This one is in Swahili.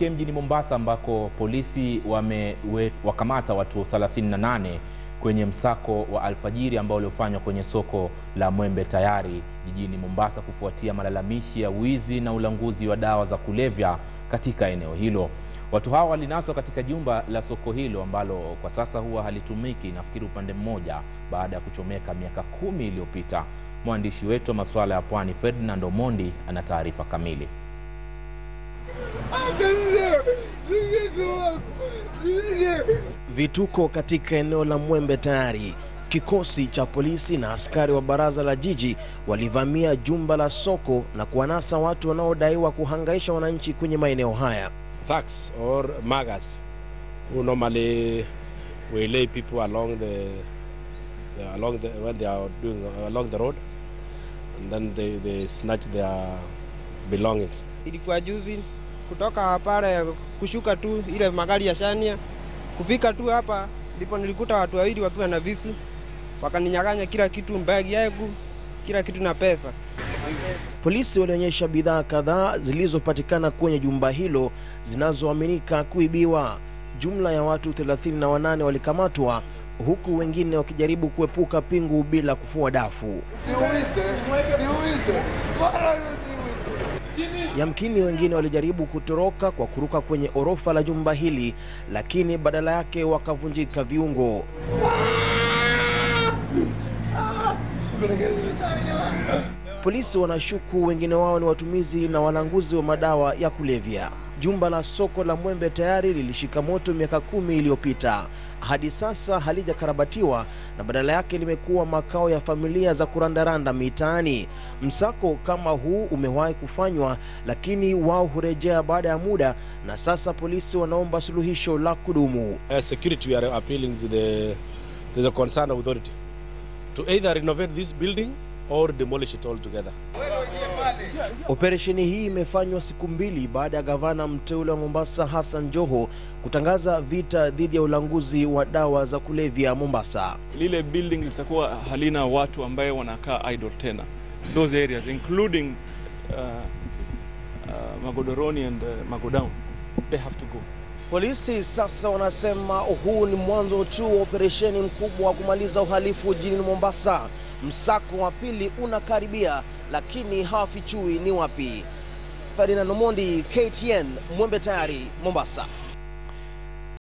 Tuelekee mjini Mombasa ambako polisi wamewakamata watu 38 kwenye msako wa alfajiri ambao uliofanywa kwenye soko la Mwembe Tayari jijini Mombasa kufuatia malalamishi ya wizi na ulanguzi wa dawa za kulevya katika eneo hilo. Watu hawa walinaswa katika jumba la soko hilo ambalo kwa sasa huwa halitumiki, nafikiri upande mmoja, baada ya kuchomeka miaka kumi iliyopita. Mwandishi wetu wa masuala ya pwani Ferdinand Omondi ana taarifa kamili. Vituko katika eneo la Mwembe tayari. Kikosi cha polisi na askari wa baraza la jiji walivamia jumba la soko na kuwanasa watu wanaodaiwa kuhangaisha wananchi kwenye maeneo haya. Thugs or muggers who normally waylay people along the, the, along the, when they are doing along the road and then they, they snatch their belongings. Ilikuwa juzi kutoka hapara ya kushuka tu ile magari ya Shania kufika tu hapa, ndipo nilikuta watu wawili wakiwa na visu wakaninyang'anya kila kitu, bagi yangu kila kitu na pesa. Polisi walionyesha bidhaa kadhaa zilizopatikana kwenye jumba hilo zinazoaminika kuibiwa. Jumla ya watu 38 walikamatwa huku wengine wakijaribu kuepuka pingu bila kufua dafu. Yamkini wengine walijaribu kutoroka kwa kuruka kwenye orofa la jumba hili, lakini badala yake wakavunjika viungo. Polisi wanashuku wengine wao ni watumizi na walanguzi wa madawa ya kulevya. Jumba la soko la Mwembe tayari lilishika moto miaka kumi iliyopita hadi sasa halijakarabatiwa na badala yake limekuwa makao ya familia za kurandaranda mitaani. Msako kama huu umewahi kufanywa, lakini wao hurejea baada ya muda, na sasa polisi wanaomba suluhisho la kudumu. As uh, security we are appealing to the, to the concerned authority to either renovate this building or demolish it altogether. Operesheni hii imefanywa siku mbili baada ya gavana mteule wa Mombasa Hassan Joho kutangaza vita dhidi ya ulanguzi wa dawa za kulevya Mombasa. Lile building litakuwa halina watu ambaye wanakaa idle tena, those areas including uh, uh, Magodoroni and uh, Magodown they have to go. Polisi sasa wanasema huu ni mwanzo tu wa operesheni mkubwa wa kumaliza uhalifu jijini Mombasa. Msako wa pili unakaribia, lakini hawafichui ni wapi. Ferdinand Omondi, KTN, Mwembe Tayari, Mombasa.